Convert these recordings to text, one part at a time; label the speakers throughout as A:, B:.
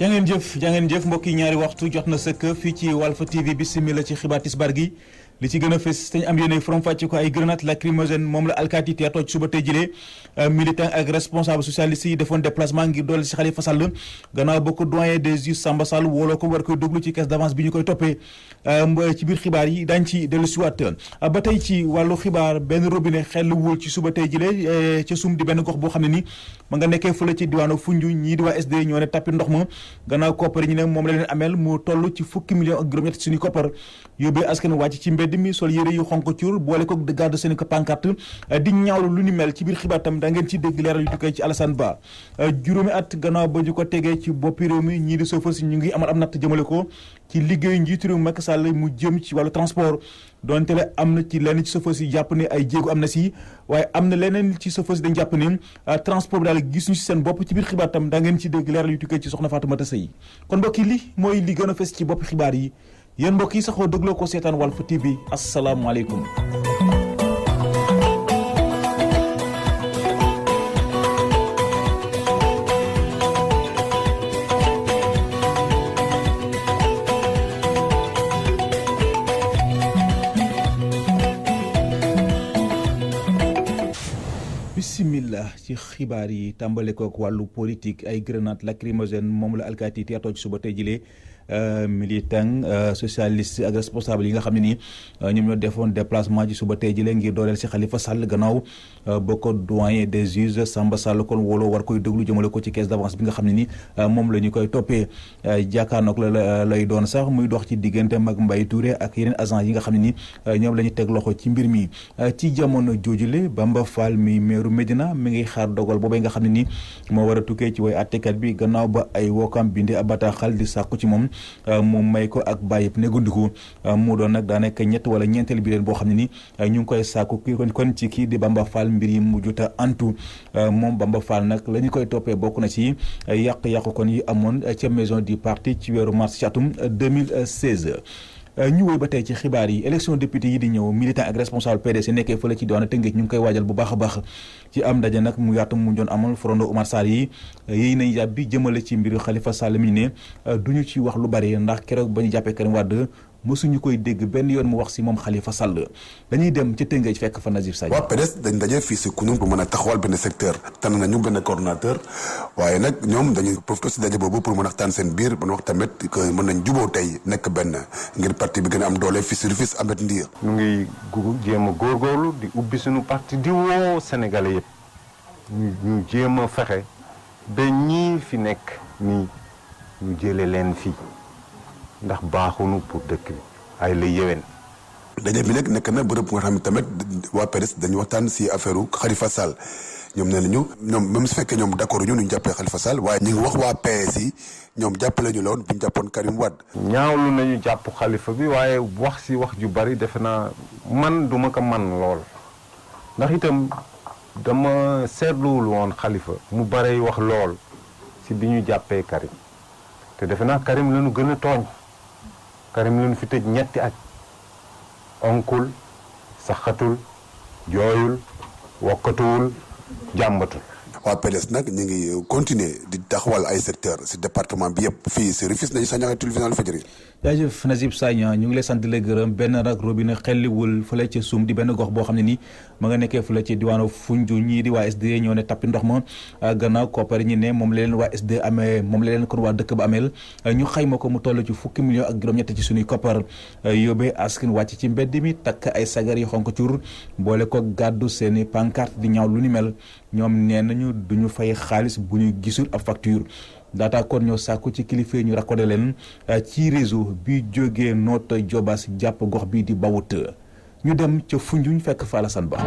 A: jaa jëf jangeen jëf mbokk yi ñaari waxtu jot na sëkk fii ci Walf TV bi simila ci xibaar bar gi li ci gën a fës te ñu am yéene forom fàcce ko ay grenade lacrymogène moom la alkaati yi tooj suba tey jëlee euh, militant ak responsable socialiste yi defoon déplacement ngir doole si Khalifa Sall gannaaw ba ko doyen des juges Samba Sall wooloo ko war koy déglu ci caisse d'avance bi ñu koy toppee euh, ci biir xibaar yi dañ ci dellu siwaat euh, ba tey ci wàllu xibaar benn robinet xel wul ci suba tey jëlee ca sum di benn gox boo xam ne ni ma nga nekkee fële ci diwaanu Foundiougne ñii di waa moom la leen ameel mu toll ci fukki million ak juróom-ñett mbedd mi sol yére yu xonk cuur boole ko gàddu seen ko eh, di ñaawlu lu ni mel ci biir xibaar tam ci dégg leeral yu tukkee ci Alassane Ba eh, juróomi na ci lenn ci jàpp ne ay am na si waaye am na leneen ci sofër si dañ jàpp ne eh, transport bi daal gis ñu si seen bopp ci biir xibaar tam da ngeen ci dégg leeral yu tukkee ci soxna Fatoumata Seye kon mbokk li mooy li gën a fes ci bopp xibaar yi yéen mbokk yi saxoo dégloo ko seetaan Walf TV asalaamualeykum. bismillah ci xibaar yi tàmbale kook wàllu politique ay grenade lacrymogène moom la alkaati teertoo ci suba tey jilee Euh, militant euh, socialiste ak responsable yi nga xam ne nii euh, ñoom ñoo defoon déplacement ci suba tey jëlee ngir dooleel si Khalifa Sall gannaaw ba doyen des juges Samba Sall wolo war koy déglu jëmale ko ci caisse d'avance bi nga xam ne ni moom la ñu koy toppee jàkkaarnoog la lay doon sax muy dox ci diggante mag mbay Touré ak yeneen agent yi nga xam ne ni ñoom la ñu teg loxo ci mbir mii ci jamono joojule Bamba faal mi meeru Medina mi ngi xaar dogal boobee nga xam ne nii moo war a tukkee ci way attekat bi gannaaw ba ay wokkam bindi ab xal di sàkku ci moom Euh, mu may ko ak bàyyi négandiku euh, mu doon nag daanaka ñett wala ñeenteel bi boo xam ne ni euh, ñu ngi koy sàkku ki kon ci kii di Bamba Fall mbir yi mu juta antu moom Bamba Fall nag lañu koy toppee bokk na ci yàq-yàqu kon yi amoon ca maison du parti ci weeru mars ci atum 2016 Euh, ñu wéy ba tey ci xibaar yi élection député yi di ñëw militant ak responsable PDS nekkee fële ci diwaanu Tëngéej ñu ngi koy waajal bu baax a baax ci am ndaje nag mu yaatu mu doon amal forondo Oumar Sarr yi euh, yéy nañ yàbbi jëmale ci mbiru xalifa Sall mi ne euh, duñu ci wax lu bari ndax keroog ba ñu jàppee Karim Wade mësuñu koy dégg benn yoon mu wax si moom xalifa Sall dañuy dem ci Tëngéej fekk fa Nazir Sadio. waa PDS dañ daje fii si Kounoune bu mën a taxawal benn secteur tànn nañu benn coordonnateur waaye nag ñoom dañuy profité si daje boobu pour mën a waxtaan seen biir mën wax tamit que mën nañ juboo tey nekk benn ngir parti bi gën a am doole fii si Rufisque Amet Ndiir. ñu ngi jéem a góorlu di ubbi suñu parti di woo Sénégalais yëpp ñu ñu jéem a fexe ba nekk ñu jëlee leen fii. ndax baaxunu pour dëkk bi ay la yéwén. daje bi nekk nekk na bërëb nga xam ne tamit waa PDS dañu waxtaan si affaire xalifa Sall ñoom ne nañu ñoom même su fekkee ñoom d' accord ñu ñu jàppee Khalifa Sall waaye ñu ngi wax waa PS yi ñoom jàppale ñu loon bu ñu jàppoon Karim Wade. ñaawlu nañu jàpp Khalifa bi waaye wax si wax ju bari defe naa man duma ko man lool ndax itam dama seetluwul woon xalifa mu barey wax lool si bi ñu jàppee Karim te defe Karim leen fi tëj ñetti at onkul saxatul jooyul wokkatuwul jàmbatul. waa PDS nag ñu ngi continuer di taxawal ay secteur si département bi yëpp fii si Rufisque nañu sax ñaari tribunal Walfadjri jaajëf Nazib Sagna ñu ngi lay sant di gërëm benn nag robinet xelliwul fële ca suum di benn gox boo xam ne nii ma nga nekkee fële ci diwaanu Foundiougne ñii di waa SDE ñoo ne tappi ndox ma ah, gannaaw koppar ñi ne moom leen waa SDE amee moom la leen kon waa dëkk ba ameel ñu xayma ko mu toll ci fukki million ak juróom-ñett ci suñuy koppar yóbbee askan wàcc ci mbedd mi takk ay sagar yi xonk cur boole ko gàddu seeni pancarte di ñaw lu ni mel ñoom nee nañu duñu fay xaalis bu ñu gisul ab daata kon ñoo sàkku ci kilifa ñu raccordé leen euh, ci réseau bi jóge Notto Diobass jàpp gox bii di Bawut ñu dem ca Foundiougne fekk fa Alassane Ba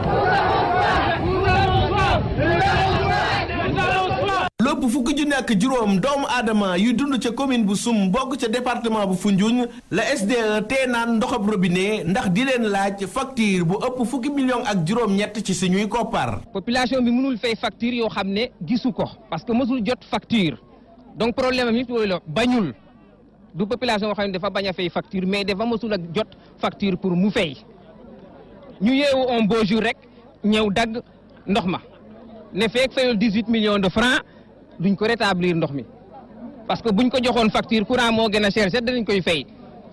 A: lopp fukki junni ak juróom doomu aadama yu dund ca commune bu sum bokk ca département bu funjuñ la SDE tee naan ndoxab robinet ndax di leen laaj facture bu ëpp fukki million ak juróom-ñett ci suñuy koppar.
B: population bi mënul fay facture yoo xam ne gisu ko parce que mësul jot facture. donc problème am it la bañul du population boo xam ne dafa bañ a fay facture mais defa mosul ak jot facture pour mu fay ñu yeewu un beau jour rek ñëw dagg ndox ma ne feek fayul dix huit millions de francs duñ ko rétablir ndox mi parce que buñ ko joxoon facture courant moo gën a cher set danañ koy fay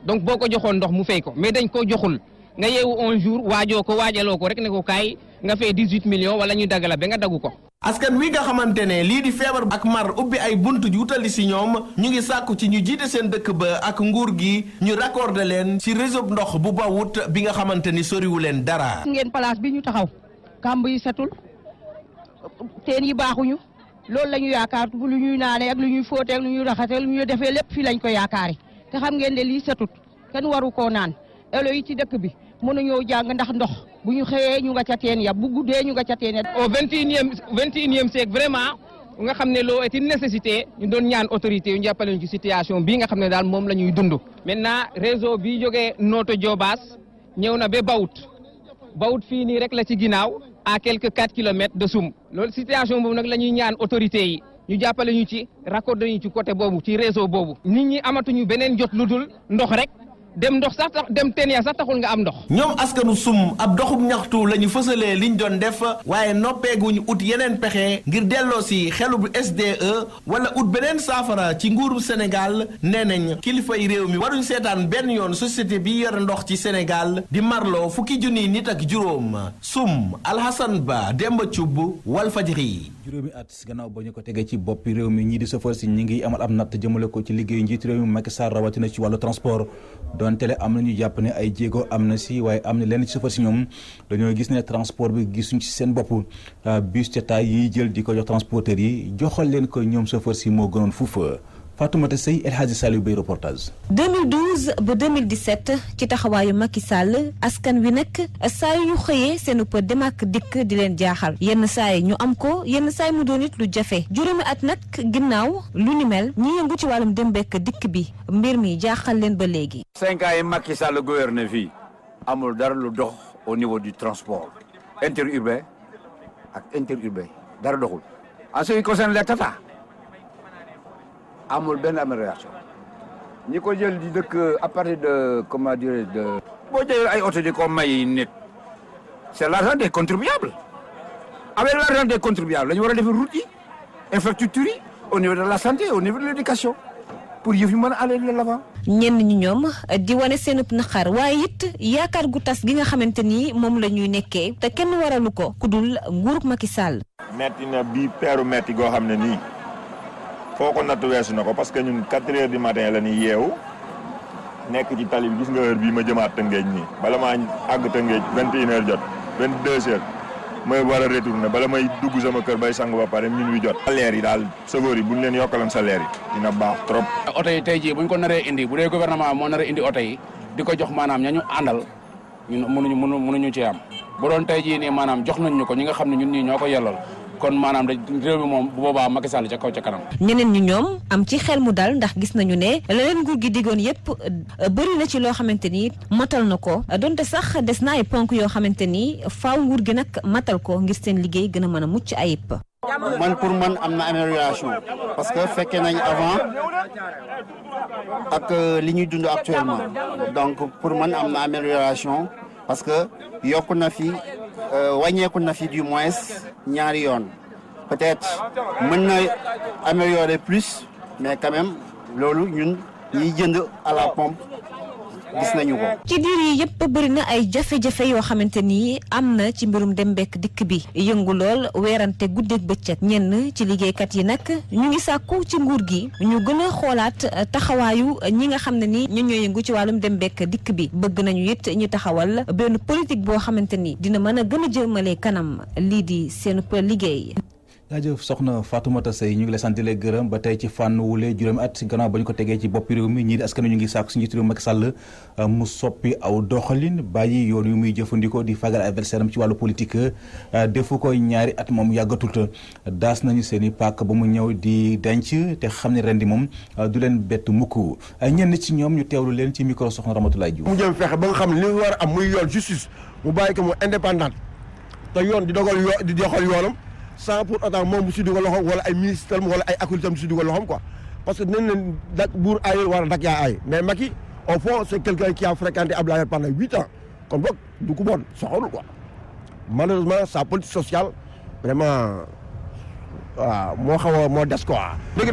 B: donc boo ko joxoon ndox mu fay ko mais dañ ko joxul nga yeewu un jour waajoo ko waajaloo ko rek ne ko kaay nga fay dix huit millions wala ñu dagg
A: la nga daggu ko. askan wi nga xamante ne lii di feebar ak mar ubbi ay bunt ju wutali ci ñoom ñu ngi sàkku ci ñu jiite seen dëkk ba ak nguur gi ñu raccordé leen ci réseau ndox bu bawut bi nga xamante ni soriwu leen dara.
B: ngeen place bi ñu taxaw kàmb yi setul teen yi baaxuñu loolu la ñu lu ñuy naanee lu ñuy fóotee lu ñuy raxasee lu ñu defee lépp fii lañ ko yaakaari te xam ngeen ne lii setut kenn waru ko naan elo yi ci dëkk bi. mën mënuñoo jàng ndax ndox bu ñu xëyee ñu nga ca teen ya bu guddee ñu nga ca teen ya. au vingt et unième vingt et unième siècle vraiment nga xam ne loo est nécessité ñu doon ñaan autorité yu ñu jàppale situation bii nga xam ne daal moom la ñuy dund. maintenant réseau bi jógee Notto Diobass ñëw na ba Bawut Bawut fii nii rek la ci ginnaaw à quelques quatre kilomètres de Soum loolu situation boobu nag la ñuy ñaan autorité yi. ñu jàppale ñu ci raccordé ñu ci côté boobu ci réseau boobu. nit ñi amatuñu beneen jot lu dul ndox rek. dem ndox sax dem teen ya sax taxul
A: nga am ndox. ñoom askanu sum ab doxub ñaxtu la ñu fësalee liñ doon def waaye noppeeku ñu ut yeneen pexe ngir delloo si xelub SDE wala ut beneen saafara ci nguuru Sénégal nee nañ kilifay réew mi waruñ seetaan benn yoon société bi yore ndox ci Sénégal di marlo fukki junniy nit ak juróom sum Alhassane Ba Demba Thioub yi juróomi at gannaaw ba ñu ko tegee ci boppi réew mi ñii di safar si ñi ngi amal ab natt jëmale ko ci liggéeyu njiitu réew mi Macky Sall rawatina ci wàllu transport donte le am na ñu jàpp ne ay jéego am na si waaye am na lenn ci safar si ñoom dañoo gis ne transport bi gisuñu ci seen bopp euh, bus tata yi jël di ko jox transporteurs yi joxal leen ko ñoom safar si moo gënoon fuufa Fatoumata Seye El Hadji Saliou Bey reportage.
C: 2012 ba 2017 ci taxawaayu Macky Sall askan wi nag saa yu xëyee seen ëpp dem dikk di leen jaaxal yenn saa yi ñu am ko yenn saa yi mu doon it lu jafe juróomi at nag ginnaaw lu ni mel ñi yëngu ci wàllum dem bekk dikk bi mbir mi jaaxal leen ba léegi.
D: cinq ans yi Macky Sall amul dara lu dox au niveau du transport interurbain ak interurbain dara doxul en ce qui concerne les tata amul
A: benn amélioration ñi ko jël di dëkk à partir de comment dire de. boo jëlee ay oto di ko may nit c' est l' argent des contribuables avec l' argent des contribuables dañu war a defar route yi infrastructure yi au niveau de la santé au niveau de l' éducation
C: pour yëf yu mën a aller de l' avant. ñenn ñi ñoom di wane seen naqar waaye it yaakaar gu tas gi nga xamante ni moom la ñuy nekkee te kenn waralu ko ku dul nguurug Macky Sall.
A: metti na bi peeru metti goo xam ne nii. foo ko natt weesu na ko parce que ñun quatre heures du matin la ñuy yeewu nekk ci tali bi gis nga heure bii ma jëmaat Tëngéej nii bala maa àgg Tëngéej vingt et une heures jot vingt deux heures may war a retourner bala may dugg sama kër bay sangu ba pare min wi jot salaire yi daal chauffeur yi bu ñu leen yokkalam salaire yi dina baax trop oto yi tey jii bu ko naree indi bu dee gouvernement moo naree indi oto di ko jox maanaam ñañu àndal ñun mënuñu mënuñu ci am bu doon tey jii nii maanaam jox nañ ñu ko ñi nga xam ne ñun ñii ñoo ko yellool kon maanaam dañ moom bu boobaa Macky Sall ca kaw ca kanam.
C: ñeneen ñi ñoom am ci xel mu dal ndax gis nañu ne la leen nguur gi digoon yépp euh, bëri na ci loo xamante ni matal na ko donte sax des na ay ponk yoo xamante ni faaw nguur gi nag matal ko ngir seen liggéey gën a mën a mucc ayib.
D: man pour man am na amélioration parce que fekkee nañ avant ak euh, li ñuy dund actuellement donc pour man am na amélioration parce que yokku na fi euh, wàññeeku na fi du moins. ñaari yoon peut-être mën na améliorer plus mais quand même loolu ñun ñi jënd à la pompe gis nañu ko.
C: ci diir yi yëpp bari na ay jafe-jafe yoo xamante ni am na ci mbirum dem bekk dikk bi yëngu lool weerante guddeeg bëccëg ñenn ci liggéeykat yi nag ñu ngi sàkku ci nguur gi ñu gën a xoolaat eh, taxawaayu eh, ñi nga xam ne ni ñun ñoo yëngu ci wàllum dem bekk dikk bi bëgg nañu it ñu taxawal benn politique boo xamante ni dina mën a gën a jëmale kanam lii di seen liggéey.
A: jaajëf soxna Fatoumata Seye ñu ngi lay sant di la gërëm ba tey ci fànn wule juróomi at si gannaaw ba ñu ko tegee ci bopp réew mi ñii di askan ñu ngi sàkku si njiitu réew Macky euh, mu soppi aw doxalin bàyyi yoon yu muy jëfandikoo di fagal adversaire am ci wàllu politique euh, defu ko ñaari at moom yàggatul te daas nañu seen i pàkk ba mu ñëw di denc te xam ne ren di moom euh, du leen bett mukk ñenn ci ñoom ñu teewlu leen ci micro soxna Ramatoulaye Diouf. mu jëm fexe ba xam li a am muy yoon mu bàyyi ko mu te yoon di dogal di joxal yoonam sans pour autant moom si dugal loxoom wala ay ministres que dinañ leen dak buur aayul wala dak yaa sa politique sociale vraiment waaw moo xaw a moo des quoi. wax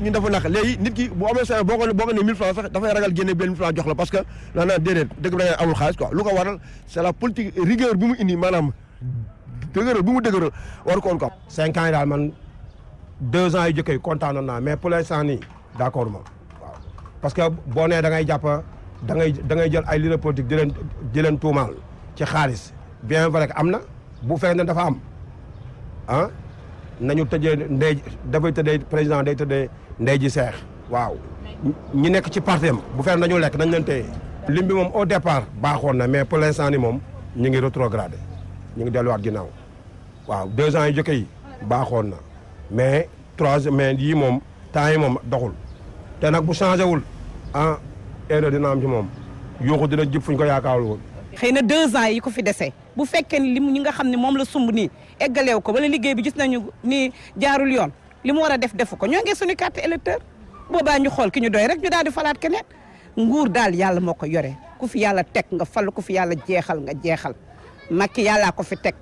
A: ñun dafa naq léegi nit ki bu amee boo ko boo ko ne mille francs sax dafay ragal génne benn mille francs jox la parce que naan déedéet dëgg da ngay amul xaalis quoi lu ko waral c' est la politique rigueur bi mu indi maanaam. dëgëral bu mu dëgëral war koon ko cinq ans daal man deux ans yu jëkkee kontaanoon naa mais pour l'instant nii d' accord moom waaw parce que boo nee da ngay jàpp da ngay da ngay jël ay leader politique di leen di leen tuumaal ci xaalis bien vrai am na bu fekkee ne dafa am ah nañu tëjee ndey dafay tëddee président day tëddee ndey ji seex waaw ñi nekk ci parti am bu fekkee nañu lekk nañ leen téye lim bi moom au départ baaxoon na mais pour l'instant nii moom ñu ngi rétrogradé ñu ngi delluwaat ginnaaw waaw deux ans yu jëkk yi baaxoon na mais trois mais yii moom temps yi moom doxul te nag bu changé wul ah erreur dina am moom yuuxu dina jëp fuñ ko yaakaarul woon
B: xëy na deux ans yi ko fi dese bu fekkee ni lim ñi nga xam ne moom la sumb nii eggaleew ko wala liggéey bi gis nañu nii jaarul yoon li mu war a def defu ko ñoo ngi suñu carte électeur boobaa ñu xool ki ñu doy rek ñu daal di falaat keneen nguur daal yàlla moo ko yore ku fi yàlla teg nga fal ku fi yàlla jeexal nga jeexal Macky yàllaa ko fi teg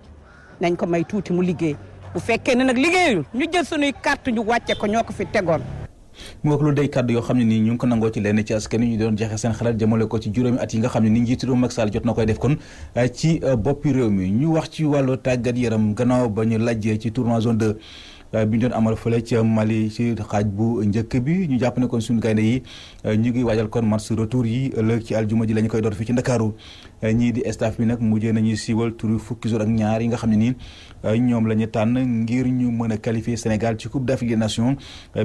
B: nañ ko may tuuti mu liggéey bu fekkee ne nag liggéeyul ñu jël sunuy carte ñu wàcce ko ñoo ko fi tegoon.
A: mu wax lu day kàddu yoo xam ne nii ñu ngi ko nangoo ci lenn ci askan ni ñu doon jeexee seen xalaat jëmale ko ci juróomi at yi nga xam ne ni njiitu réew Macky Sall jot na koy def kon eh, ci eh, boppi réew mi ñu wax ci wàllu tàggat yaram gannaaw ba ñu lajjee ci tournoi zone 2. Euh, bi ñu doon amal fële ci Mali ci xaaj bu njëkk bi ñu jàpp ne kon suñu gaynde yi euh, ñu ngi waajal kon match retour yi ëllëg ci aljuma ji lañu koy door fii ci Ndakaaru euh, ñii di staff bi nag mujjee nañuy siiwal turu fukki jour ak ñaar yi nga xam ne nii ñoom lañu tànn ngir ñu mën a qualifier Sénégal ci Coupe d'Afrique des Nations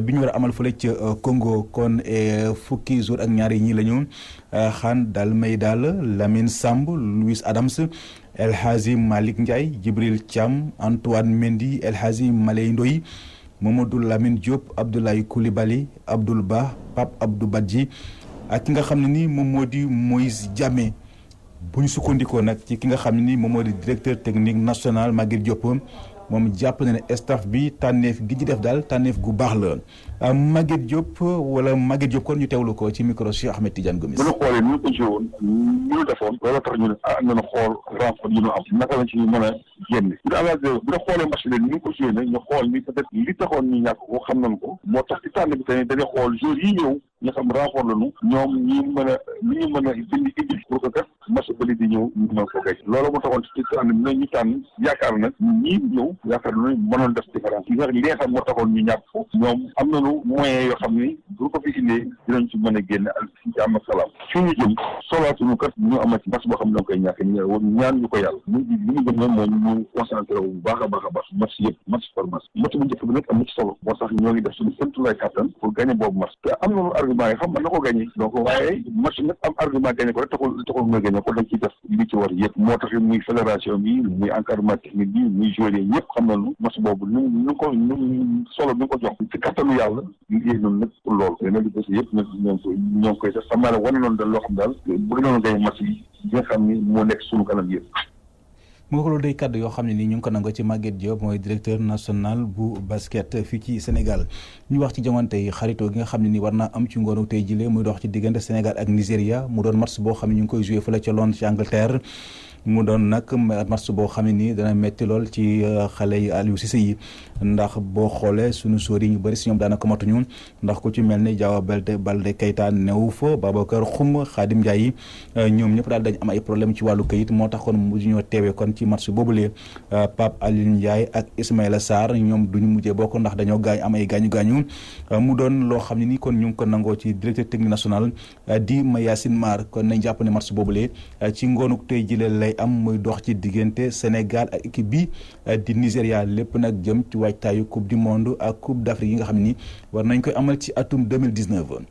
A: bi ñu war amal fële ci Congo kon fukki jour ak ñaar yi ñii la ñu xaan dal may daal Lamine Samb Louis Adams El Hadji Malick Ndiaye Djibril Thiam Antoine Mendy El Hadji Malay Ndoy Mamadou Lamine Diop Abdoulaye Koulibaly Abdoul Ba Pape Abdou Badji ak ki nga xam ne ni moom moo di Moïse Diame bu ñu sukkandikoo nag ci ki nga xam ne ni moom moo di directeur technique national Maguette Diop moom jàpp na ne staff bi tànneef gi ci def daal tànneef gu baax la euh, Maguette Diop wala Maguette Diop kon ñu teewlu ko ci micro si Ahmed Tidiane Gomis. bu
D: ñu ni ñu ko joué woon ni ñu defoon loolu ñu ne ah ñu xool renfort yi ñu am naka lañ ci mën a génn. bu ñu avancé bu ñu xoolee match bi ko joué nag ñu xool ni peut-être li taxoon ñu ñàkk ko xam nañ ko moo tax ci tànn bi tamit dañuy xool joueurs yi ñëw nga xam renfort lañu ñoom ñi mën a li ñu mën a bind indi pour que match bëli di ñëw ñu mën ko gaj loolu moo ñu tànn na ñii yoo xam ni bu ko a génn ak ci jàmm ak salaam fi a baax tax ñoo ngi def suñu sentulay kàttan pour gagné boobu match te am nañu argument xam nga na ko gagné donc waaye match nag am argument gagné ko rek taxul taxul nga gagné na ko dañ ci def li ci war yëpp moo tax muy fédération bi muy encadrement technique bi muy joué ñëpp xam nañu match boobu nu nu ko nu solo bi ko jox ci kattanu yàlla liggéey noonu nag pour loolu yeneen li des yëpp nag ñoo koy def xam naa ne wane noonu daal loo xam daal bu gënoon gay match yi nga xam ni moo nekk sunu kanam yëpp
A: mu wax loolu day kàddu yoo xam ne nii ñu ngi ko nangoo ci Maguette Diop mooy directeur national bu basket fii ci Sénégal ñu wax ci jamono tey xaritoo gi nga xam ne nii war naa am ci ngoonu tey jile muy dox ci diggante Sénégal ak Nigéria mu doon match boo xam ne ñu ngi koy joué fële ca Londres ci Angleterre mu doon nag match boo xam ne nii dana metti lool ci euh, xale yi Aliou Cissé yi ndax boo xoolee sunu sóor yi ñu bëri si ñoom daanaka matuñu ndax ku ci mel ni Diawa Balde Balde Keita newu fa Babacar Xum Khadim Ndiaye euh, ñoom ñëpp daal dañ am ay problème ci wàllu kayit moo tax kon mujj ñoo teewee kon ci match boobule euh, Pape Alioune Ndiaye ak Ismaïla Sarr ñoom duñu mujjee bokk ndax dañoo gaañ am ay gaañu gaañu mu doon loo xam ne ni kon ñu kon ko nangoo ci directeur technique national di Mayacine Mar kon nañ jàpp ne match boobule ci ngoonuk tey jile lay am muy dox ci diggante Sénégal ak équipe bi eh, di Nigéria
D: lépp nag jëm ci waajtaayu coupe du monde ak coupe d'Afrique yi nga xam ni war nañ koy amal ci atum 2019